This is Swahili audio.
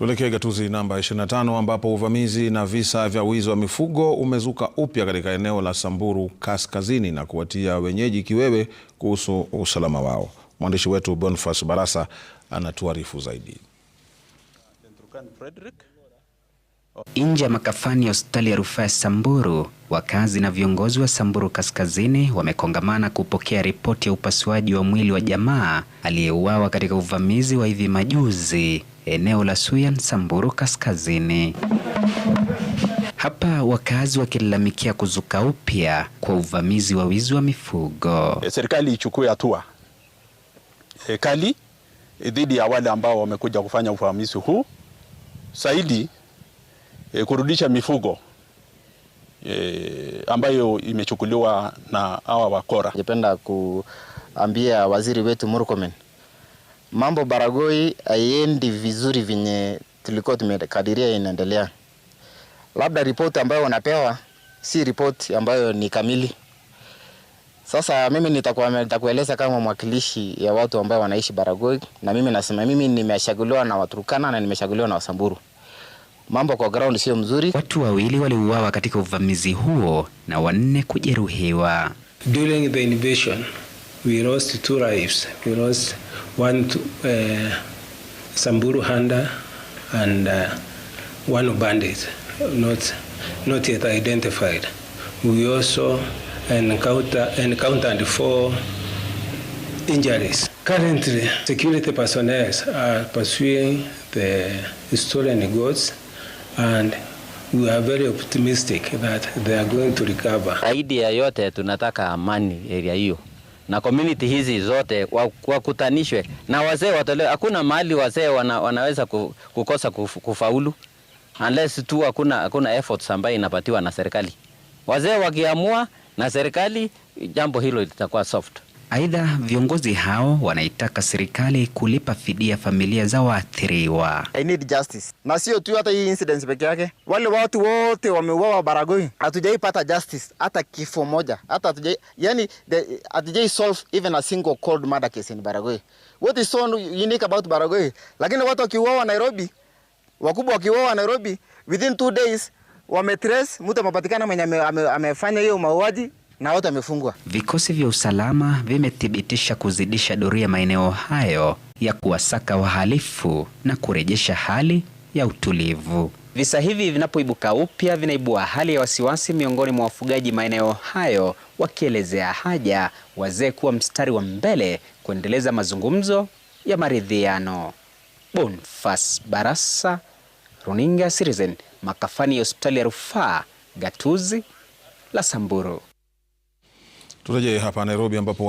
Tuelekee gatuzi namba 25 ambapo uvamizi na visa vya wizi wa mifugo umezuka upya katika eneo la Samburu Kaskazini na kuwatia wenyeji kiwewe kuhusu usalama wao. Mwandishi wetu Boniface Barasa anatuarifu zaidi. Nje ya makafani ya hospitali ya rufaa ya Samburu, wakazi na viongozi wa Samburu Kaskazini wamekongamana kupokea ripoti ya upasuaji wa mwili wa jamaa aliyeuawa katika uvamizi wa hivi majuzi eneo la Suyan, Samburu Kaskazini. Hapa wakazi wakilalamikia kuzuka upya kwa uvamizi wa wizi wa mifugo. E, serikali ichukue hatua e, kali e, dhidi ya wale ambao wamekuja kufanya uvamizi huu zaidi e, kurudisha mifugo e, ambayo imechukuliwa na hawa wakora. Ningependa kuambia waziri wetu Murkomen, mambo Baragoi haiendi vizuri vinye tulikuwa tumekadiria inaendelea. Labda ripoti ambayo wanapewa si ripoti ambayo ni kamili. Sasa mimi nitakueleza kama mwakilishi ya watu ambao wanaishi Baragoi, na mimi nasema mimi nimeshaguliwa na Waturkana na nimeshaguliwa na Wasamburu mambo kwa ground sio mzuri. Watu wawili waliuawa katika uvamizi huo na wanne kujeruhiwa. During the invasion we lost two lives. We lost one to, uh, Samburu Handa and uh, one bandit not, not yet identified. We also encounter, encountered four injuries. Currently, security personnel are pursuing the stolen goods and we are very optimistic that they are going to recover. Zaidi ya yote tunataka amani area hiyo na community hizi zote wakutanishwe na wazee watolewe. Hakuna mahali wazee wana, wanaweza kukosa kufaulu unless tu hakuna hakuna efforts ambayo inapatiwa na serikali. Wazee wakiamua na serikali, jambo hilo litakuwa soft. Aidha, viongozi hao wanaitaka serikali kulipa fidia familia za waathiriwa. I need justice. Na sio tu hata hii incident peke yake, wale watu wote wameuawa Baragoi, hatujaipata justice hata kifo moja, hata hatujai, yani hatujai solve even a single cold murder case in Baragoi. What is so unique about Baragoi? Lakini watu wakiuawa Nairobi, wakubwa wakiuawa Nairobi, within two days wametrace mtu amepatikana mwenye amefanya hiyo mauaji na wote wamefungwa. Vikosi vya usalama vimethibitisha kuzidisha doria maeneo hayo ya kuwasaka wahalifu na kurejesha hali ya utulivu. Visa hivi vinapoibuka upya vinaibua hali ya wasiwasi miongoni mwa wafugaji maeneo hayo, wakielezea haja wazee kuwa mstari wa mbele kuendeleza mazungumzo ya maridhiano. Bonfas Barasa, Runinga Citizen, makafani ya hospitali ya rufaa gatuzi la Samburu. Turejee hapa Nairobi ambapo